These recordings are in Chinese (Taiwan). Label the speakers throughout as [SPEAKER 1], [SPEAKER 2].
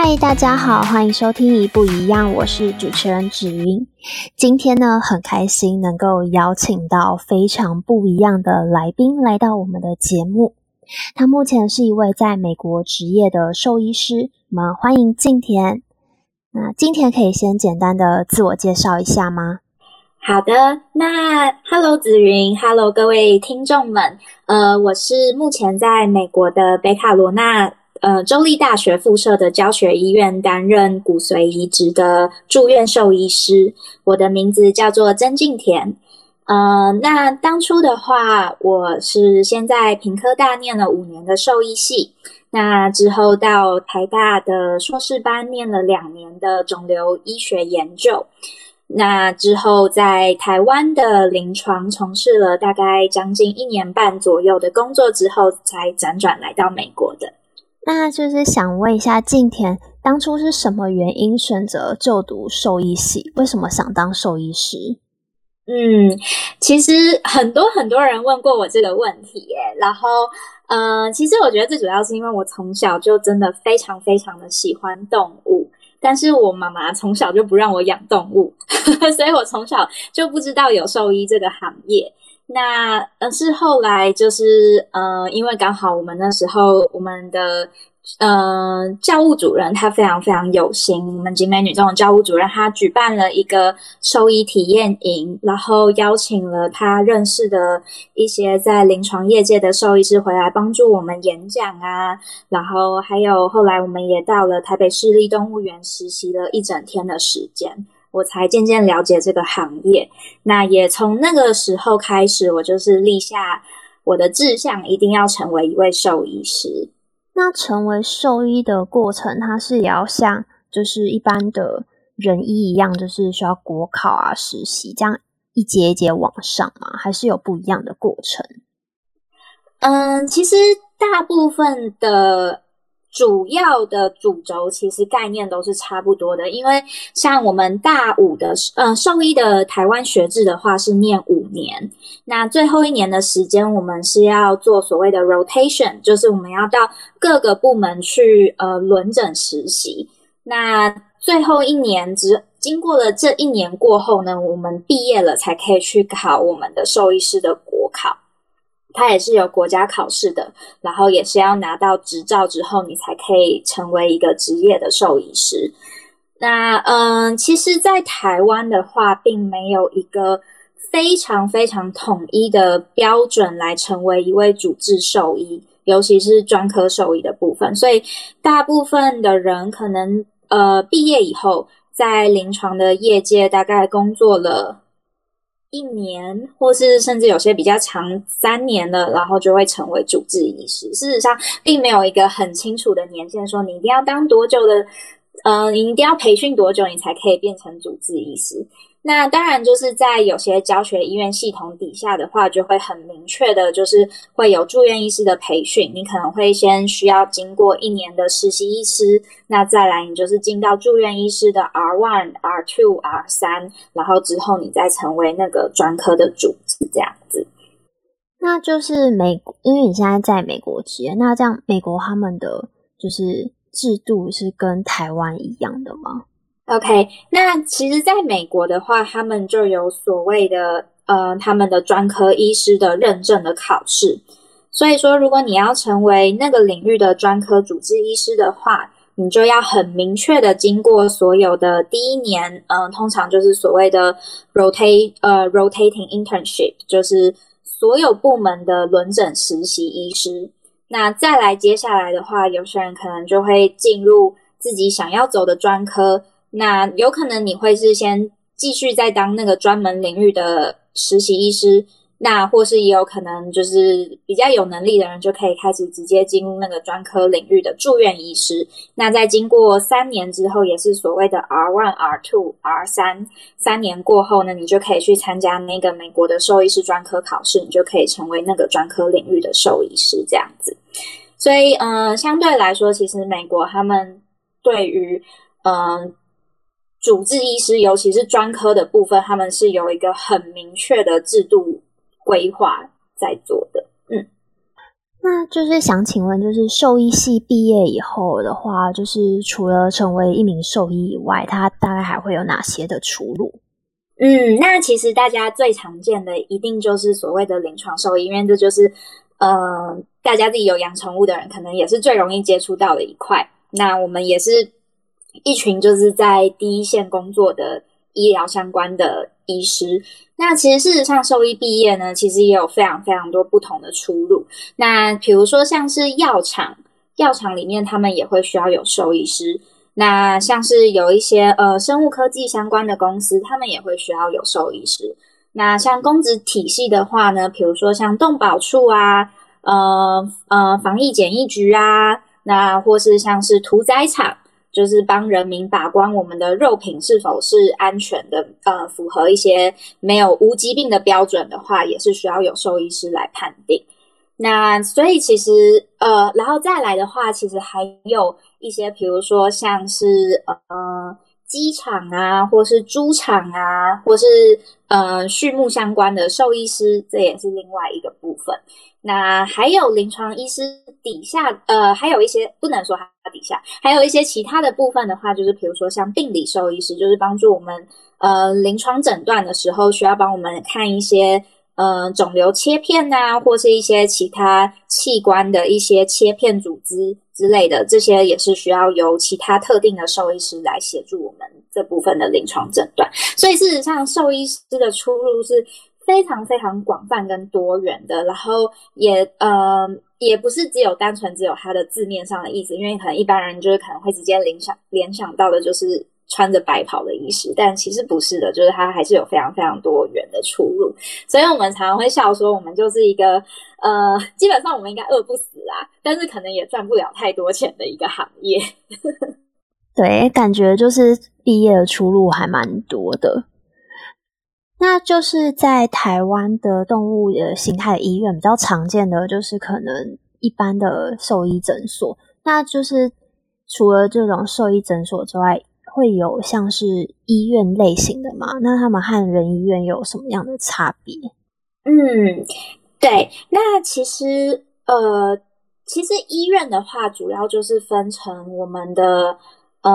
[SPEAKER 1] 嗨，Hi, 大家好，歡迎收聽《醫不一樣》，我是主持人子云。今天呢，很開心能夠邀請到非常不一樣的來賓來到我們的節目。他目前是一位在美國執業的獸醫師，我們歡迎靖恬。那靖恬可以先簡單的自我介紹一下嗎？
[SPEAKER 2] 好的，那 Hello 子云，Hello 各位聽眾們，呃，我是目前在美國的北卡羅納。呃，州立大學附設的教學醫院擔任骨髓移植的住院獸醫師。我的名字叫做曾靖恬。呃，那當初的話，我是先在屏科大念了五年的獸醫系，那之後到台大的碩士班念了兩年的腫瘤醫學研究。那之後在台灣的臨床從事了大概將近一年半左右的工作之後，才輾轉來到美國的。
[SPEAKER 1] 那就是想問一下，靖恬當初是什麼原因選擇就讀獸醫系？為什麼想當獸醫師？
[SPEAKER 2] 嗯，其實很多很多人問過我這個問題、欸，耶。然後，嗯、呃，其實我覺得最主要是因為我從小就真的非常非常的喜歡動物，但是我媽媽從小就不讓我養動物呵呵，所以我從小就不知道有獸醫這個行業。那呃，是後來就是呃，因為剛好我們那時候我們的呃教務主任他非常非常有心，我們景美女中的教務主任，他舉辦了一個獸醫體驗營，然後邀請了他認識的一些在臨床業界的獸醫師回來幫助我們演講啊，然後還有後來我們也到了台北市立動物園實習了一整天的時間。我才漸漸了解這個行業，那也從那個時候開始，我就是立下我的志向，一定要成為一位獸
[SPEAKER 1] 醫師。那成為獸醫的過程，它是也要像就是一般的人醫一樣，就是需要國考啊、實習這樣一節一節往上嗎？還是有不一樣的過程？
[SPEAKER 2] 嗯，其實大部分的。主要的主軸其實概念都是差不多的，因為像我們大五的，嗯、呃，獸醫的台灣學制的話是念五年，那最後一年的時間，我們是要做所謂的 rotation，就是我們要到各個部門去，呃，輪診實習。那最後一年只經過了這一年過後呢，我們畢業了才可以去考我們的獸醫師的國考。它也是有國家考試的，然後也是要拿到執照之後，你才可以成為一個職業的獸醫師。那嗯，其實，在台灣的話，並沒有一個非常非常統一的標準來成為一位主治獸醫，尤其是專科獸醫的部分。所以，大部分的人可能呃畢業以後，在臨床的業界大概工作了。一年，或是甚至有些比較長三年的，然後就會成為主治醫師。事實上，並沒有一個很清楚的年限，說你一定要當多久的，嗯、呃，你一定要培訓多久，你才可以變成主治醫師。那當然，就是在有些教學醫院系統底下的話，就會很明確的，就是會有住院醫師的培訓。你可能會先需要經過一年的實習醫師，那再來你就是進到住院醫師的 R one、R two、R 三，然後之後你再成為那個專科的主治這樣子。
[SPEAKER 1] 那就是美國，因為你現在在美國執業，那這樣美國他們的就是制度是跟台灣一樣的嗎？
[SPEAKER 2] OK，那其實在美國的話，他們就有所謂的呃，他們的專科醫師的認證的考試。所以說，如果你要成為那個領域的專科主治醫師的話，你就要很明確的經過所有的第一年，嗯、呃，通常就是所謂的 rotate 呃 rotating internship，就是所有部門的輪診實習醫師。那再來接下來的話，有些人可能就會進入自己想要走的專科。那有可能你會是先繼續再當那個專門領域的實習醫師，那或是也有可能就是比較有能力的人就可以開始直接進入那個專科領域的住院醫師。那在經過三年之後，也是所謂的 R1、R2、R3，三年過後呢，你就可以去參加那個美國的獸醫師專科考試，你就可以成為那個專科領域的獸醫師這樣子。所以，嗯，相對來說，其實美國他們對於，嗯，主治醫師，尤其是專科的部分，他們是有一個很明確的制度規劃在做的。嗯，
[SPEAKER 1] 那就是想請問，就是獸醫系畢業以後的話，就是除了成為一名獸醫以外，他大概還會有哪些的出路？
[SPEAKER 2] 嗯，那其實大家最常見的一定就是所謂的臨床獸醫，因為這就是呃，大家自己有養寵物的人，可能也是最容易接觸到的一塊。那我們也是。一群就是在第一線工作的醫療相關的醫師。那其實事實上，獸醫畢業呢，其實也有非常非常多不同的出路。那比如說像是藥廠，藥廠裡面他們也會需要有獸醫師。那像是有一些呃生物科技相關的公司，他們也會需要有獸醫師。那像公職體系的話呢，比如說像動保處啊，呃呃，防疫檢疫局啊，那或是像是屠宰場。就是幫人民把關，我們的肉品是否是安全的，呃，符合一些沒有無疾病的標準的話，也是需要有獸醫師來判定。那所以其實，呃，然後再來的話，其實還有一些，比如說像是呃。雞場啊，或是豬場啊，或是呃，畜牧相關的獸醫師，這也是另外一個部分。那還有臨床醫師底下，呃，還有一些不能說哈，底下，還有一些其他的部分的話，就是比如說像病理獸醫師，就是幫助我們呃臨床診斷的時候，需要幫我們看一些呃腫瘤切片吶、啊，或是一些其他器官的一些切片組織。之類的，這些也是需要由其他特定的獸醫師來協助我們這部分的臨床診斷。所以事實上，獸醫師的出路是非常非常廣泛跟多元的。然後也，呃，也不是只有單純只有它的字面上的意思，因為可能一般人就是可能會直接聯想聯想到的就是。穿着白袍的醫師，但其實不是的，就是他還是有非常非常多元的出路，所以我們常常會笑說，我們就是一個呃，基本上我們應該餓不死啦，但是可能也賺不了太多錢的一個行業。
[SPEAKER 1] 對，感覺就是畢業的出路還蠻多的。那就是在台灣的動物的形態醫院比較常見的，就是可能一般的獸醫診所。那就是除了這種獸醫診所之外。會有像是醫院類型的嗎？那他們和人醫院有什麼樣的差別？嗯，
[SPEAKER 2] 對，那其實呃，其實醫院的話，主要就是分成我們的嗯、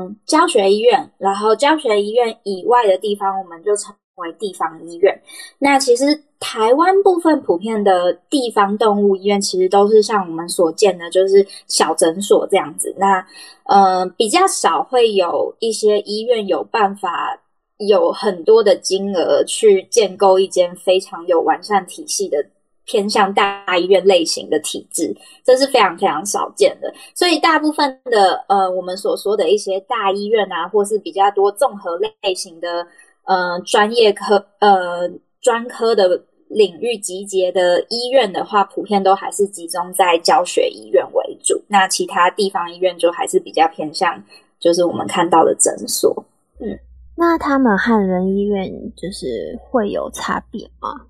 [SPEAKER 2] 呃、教學醫院，然後教學醫院以外的地方，我們就成為地方醫院，那其實台灣部分普遍的地方動物醫院，其實都是像我們所見的，就是小診所這樣子。那，呃，比較少會有一些醫院有辦法，有很多的金額去建構一間非常有完善體系的偏向大醫院類型的體制，這是非常非常少見的。所以大部分的，呃，我們所說的一些大醫院啊，或是比較多綜合類型的。呃，專業科，呃，專科的領域集結的醫院的話，普遍都還是集中在教學醫院為主。那其他地方醫院就還是比較偏向，就是我們看到的診所。嗯，
[SPEAKER 1] 那他們和人醫院就是會有差別
[SPEAKER 2] 嗎？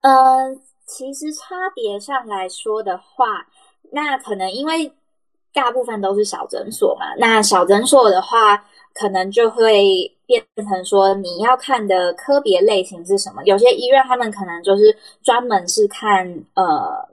[SPEAKER 2] 呃，其實差別上來說的話，那可能因為大部分都是小診所嘛。那小診所的話，可能就會。變成說你要看的科別類型是什麼？有些醫院他們可能就是專門是看呃，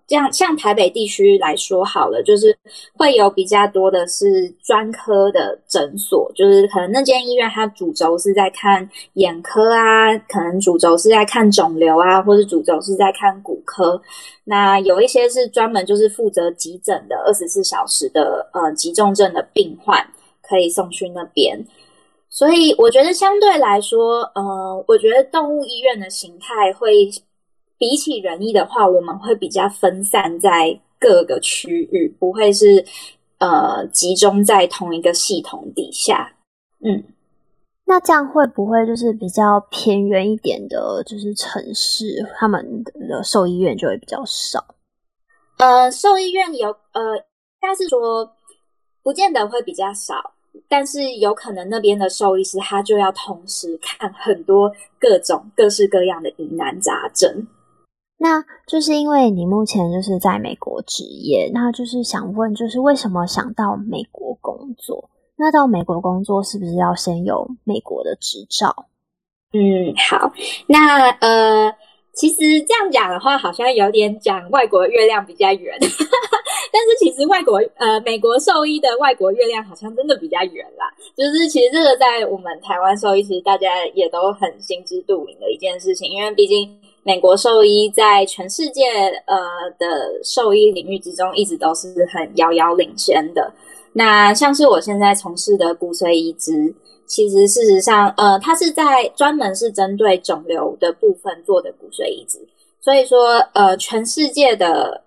[SPEAKER 2] 這樣像台北地區來說好了，就是會有比較多的是專科的診所，就是可能那間醫院它主軸是在看眼科啊，可能主軸是在看腫瘤啊，或是主軸是在看骨科。那有一些是專門就是負責急診的，二十四小時的呃急重症的病患可以送去那邊。所以我覺得相對來說，呃，我覺得動物醫院的形態會比起人醫的話，我們會比較分散在各個區域，不會是呃集中在同一個系統底下。
[SPEAKER 1] 嗯，那這樣會不會就是比較偏遠一點的，就是城市，他們的獸醫院就會比較少？
[SPEAKER 2] 呃，獸醫院有呃，但是說不見得會比較少。但是有可能那邊的獸醫師他就要同時看很多各種各式各樣的疑難雜症。
[SPEAKER 1] 那就是因為你目前就是在美國執業，那就是想問，就是為什麼想到美國工作？那到美國工作是不是要先有美國的執照？嗯，好，
[SPEAKER 2] 那呃，其實這樣講的話，好像有點講外國的月亮比較圓。 但是其實外國呃美國獸醫的外國月亮好像真的比較圓啦，就是其實這個在我們台灣獸醫其實大家也都很心知肚明的一件事情，因為畢竟美國獸醫在全世界呃的獸醫領域之中一直都是很遙遙領先的。那像是我現在從事的骨髓移植，其實事實上呃它是在專門是針對腫瘤的部分做的骨髓移植，所以說呃全世界的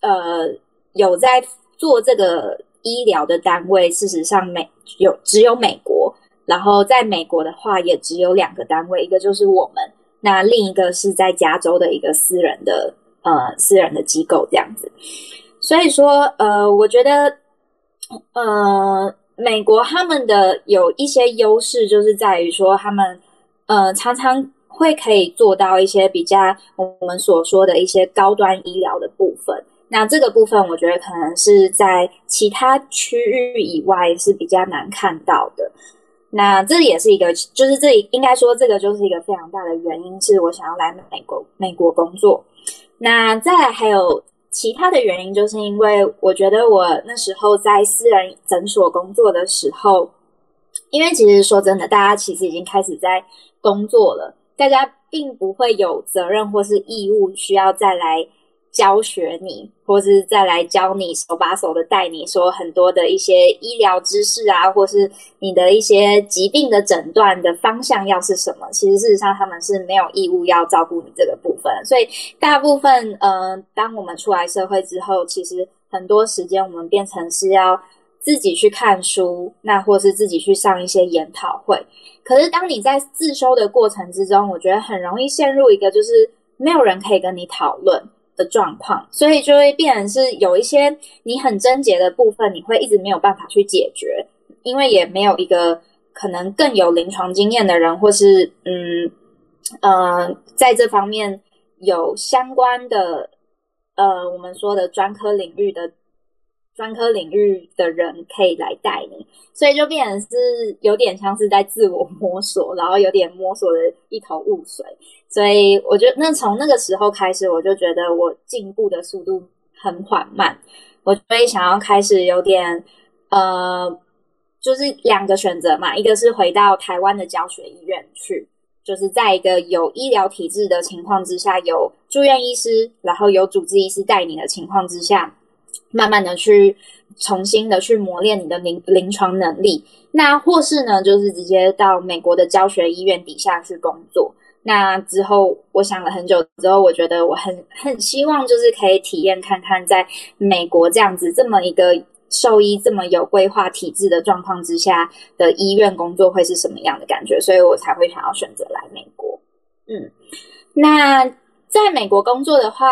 [SPEAKER 2] 呃，有在做這個醫療的單位，事實上美，有，只有美國。然後在美國的話，也只有兩個單位，一個就是我們，那另一個是在加州的一個私人的呃私人的機構這樣子。所以說，呃，我覺得，呃，美國他們的有一些優勢，就是在於說他們呃常常會可以做到一些比較我們所說的一些高端醫療的部分。那這個部分，我覺得可能是在其他區域以外是比較難看到的。那這也是一個，就是這裡應該說這個就是一個非常大的原因，是我想要來美國美國工作。那再來還有其他的原因，就是因為我覺得我那時候在私人診所工作的時候，因為其實說真的，大家其實已經開始在工作了，大家並不會有責任或是義務需要再來。教學你，或是再來教你手把手的帶你說很多的一些醫療知識啊，或是你的一些疾病的診斷的方向要是什麼？其實事實上他們是沒有義務要照顧你這個部分，所以大部分，嗯、呃，當我們出來社會之後，其實很多時間我們變成是要自己去看書，那或是自己去上一些研討會。可是當你在自修的過程之中，我覺得很容易陷入一個就是沒有人可以跟你討論的狀況，所以就會變成是有一些你很癥結的部分，你會一直沒有辦法去解決，因為也沒有一個可能更有臨床經驗的人，或是嗯嗯、呃，在這方面有相關的呃我們說的專科領域的。專科領域的人可以來帶你，所以就變成是有點像是在自我摸索，然後有點摸索的一頭霧水。所以我就，那從那個時候開始，我就覺得我進步的速度很緩慢。我所以想要開始有點呃，就是兩個選擇嘛，一個是回到台灣的教學醫院去，就是在一個有醫療體制的情況之下，有住院醫師，然後有主治醫師帶你的情況之下。慢慢的去重新的去磨練你的臨臨床能力，那或是呢，就是直接到美國的教學醫院底下去工作。那之後，我想了很久之後，我覺得我很很希望就是可以體驗看看，在美國這樣子這麼一個獸醫這麼有規劃體制的狀況之下的醫院工作會是什麼樣的感覺，所以我才會想要選擇來美國。嗯，那在美國工作的話，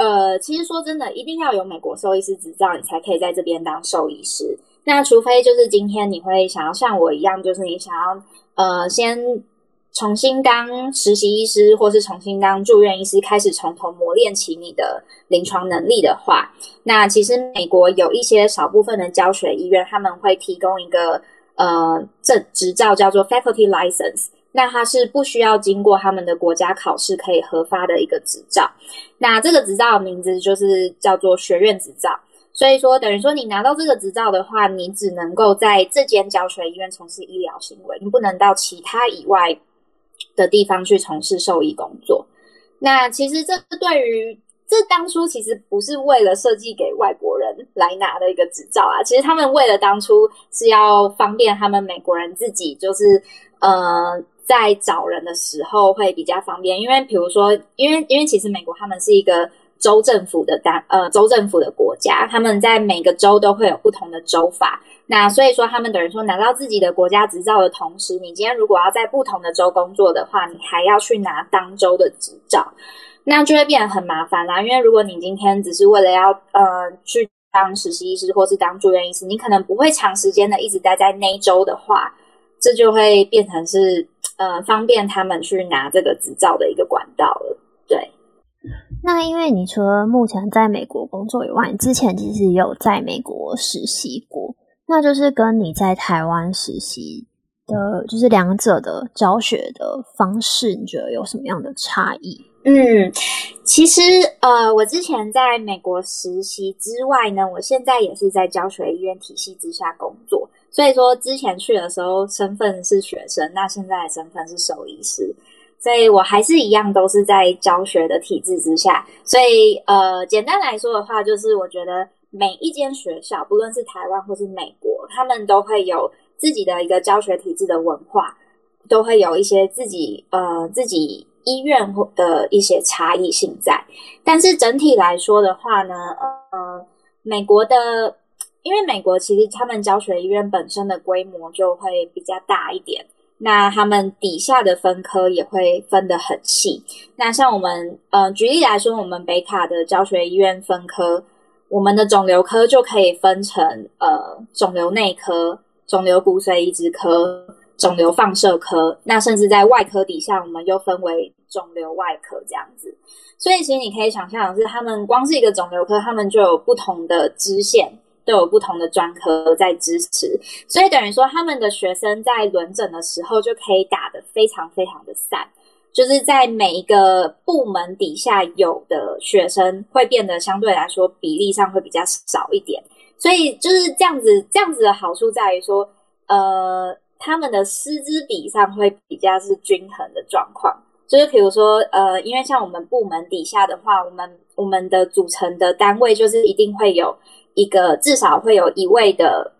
[SPEAKER 2] 呃，其實說真的，一定要有美國獸醫師執照，你才可以在這邊當獸醫師。那除非就是今天你會想要像我一樣，就是你想要呃先重新當實習醫師，或是重新當住院醫師，開始從頭磨練起你的臨床能力的話，那其實美國有一些少部分的教學醫院，他們會提供一個呃這執照叫做 Faculty License。那它是不需要經過他們的國家考試可以核發的一個執照，那這個執照的名字就是叫做學院執照。所以說等於說你拿到這個執照的話，你只能夠在這間教學醫院從事醫療行為，你不能到其他以外的地方去從事獸醫工作。那其實這對於這當初其實不是為了設計給外國人來拿的一個執照啊，其實他們為了當初是要方便他們美國人自己，就是呃。在找人的時候會比較方便，因為比如說，因為因為其實美國他們是一個州政府的單呃州政府的國家，他們在每個州都會有不同的州法。那所以說，他們等於說拿到自己的國家執照的同時，你今天如果要在不同的州工作的話，你還要去拿當州的執照，那就會變得很麻煩啦。因為如果你今天只是為了要呃去當實習醫師或是當住院醫師，你可能不會長時間的一直待在那一州的話，這就會變成是。呃，方便他們去拿這個執照的一個管道了。對，
[SPEAKER 1] 那因為你除了目前在美國工作以外，你之前其實也有在美國實習過，那就是跟你在台灣實習的，就是兩者的教學的方式，你覺得有什麼樣的差
[SPEAKER 2] 異？嗯，其實呃，我之前在美國實習之外呢，我現在也是在教學醫院體系之下工作。所以說，之前去的時候身份是學生，那現在的身份是獸醫師，所以我還是一樣都是在教學的體制之下。所以，呃，簡單來說的話，就是我覺得每一間學校，不論是台灣或是美國，他們都會有自己的一個教學體制的文化，都會有一些自己呃自己醫院的一些差異性在。但是整體來說的話呢，呃，美國的。因為美國其實他們教學醫院本身的規模就會比較大一點，那他們底下的分科也會分得很細。那像我們，呃，舉例來說，我們北卡的教學醫院分科，我們的腫瘤科就可以分成呃腫瘤內科、腫瘤骨髓移植科、腫瘤放射科。那甚至在外科底下，我們又分為腫瘤外科這樣子。所以其實你可以想象的是他們光是一個腫瘤科，他們就有不同的支線。都有不同的專科在支持，所以等於說他們的學生在輪診的時候就可以打得非常非常的散，就是在每一個部門底下有的學生會變得相對來說比例上會比較少一點，所以就是這樣子。這樣子的好處在於說，呃，他們的師資比上會比較是均衡的狀況。就是比如說，呃，因為像我們部門底下的話，我們我們的組成的單位就是一定會有。一個至少會有一位的，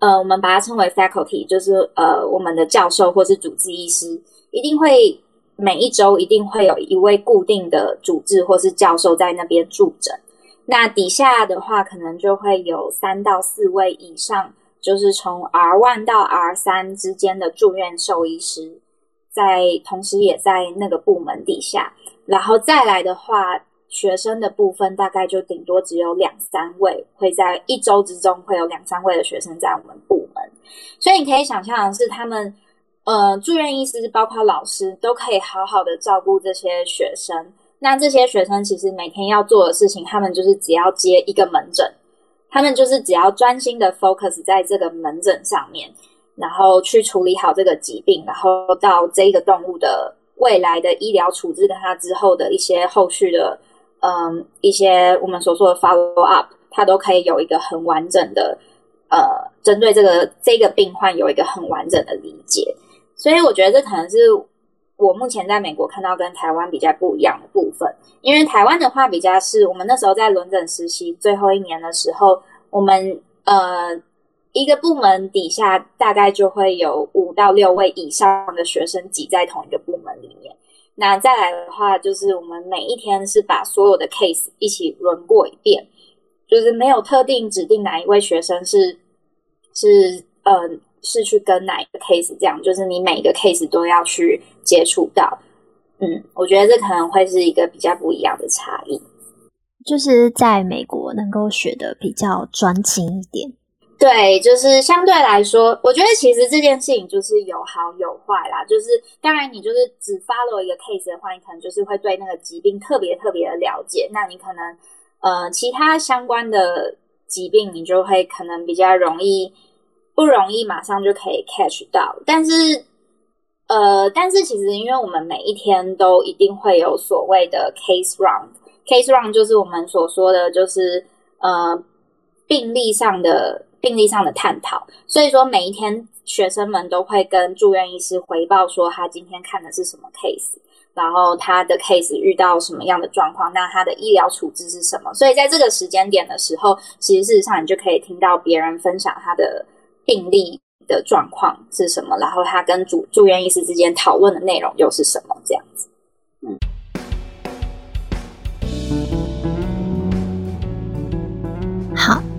[SPEAKER 2] 呃，我們把它稱為 faculty，就是呃，我們的教授或是主治醫師，一定會每一週一定會有一位固定的主治或是教授在那邊駐診。那底下的話，可能就會有三到四位以上，就是從 R 1到 R3 之間的住院獸醫師，在同時也在那個部門底下，然後再來的話。學生的部分大概就頂多只有兩三位會在一周之中會有兩三位的學生在我們部門，所以你可以想象的是他們，呃，住院醫師包括老師都可以好好的照顧這些學生。那這些學生其實每天要做的事情，他們就是只要接一個門診，他們就是只要專心的 focus 在這個門診上面，然後去處理好這個疾病，然後到這個動物的未來的醫療處置跟他之後的一些後續的。嗯，一些我們所說的 follow up，它都可以有一個很完整的，呃，針對這個這個病患有一個很完整的理解，所以我覺得這可能是我目前在美國看到跟台灣比較不一樣的部分。因為台灣的話，比較是我們那時候在輪診實習最後一年的時候，我們呃一個部門底下大概就會有五到六位以上的學生擠在同一個部門。那再來的話，就是我們每一天是把所有的 case 一起輪過一遍，就是沒有特定指定哪一位學生是是呃是去跟哪一個 case，這樣就是你每一個 case 都要去接觸到。嗯，我覺得這可能會是一個比較不一樣的差異，
[SPEAKER 1] 就是在美國能夠學的比較專精一點。
[SPEAKER 2] 對，就是相對來說，我覺得其實這件事情就是有好有壞啦。就是當然，你就是只 follow 一個 case 的話，你可能就是會對那個疾病特別特別的了解。那你可能呃，其他相關的疾病，你就會可能比較容易不容易馬上就可以 catch 到。但是呃，但是其實因為我們每一天都一定會有所謂的 case round，case round 就是我們所說的，就是呃病例上的。病例上的探討，所以說每一天學生們都會跟住院醫師回報說他今天看的是什麼 case，然後他的 case 遇到什麼樣的狀況，那他的醫療處置是什麼？所以在這個時間點的時候，其實事實上你就可以聽到別人分享他的病例的狀況是什麼，然後他跟主住院醫師之間討論的內容又是什麼，這樣。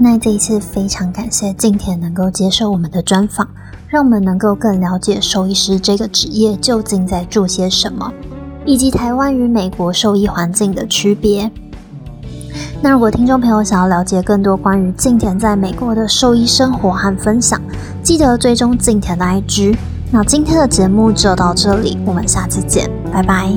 [SPEAKER 1] 那這一次非常感謝靖恬能夠接受我們的專訪，讓我們能夠更了解獸醫師這個職業究竟在做些什麼，以及台灣與美國獸醫環境的區別。那如果聽眾朋友想要了解更多關於靖恬在美國的獸醫生活和分享，記得追蹤靖恬的 IG。那今天的節目就到這裡，我們下次見，拜拜。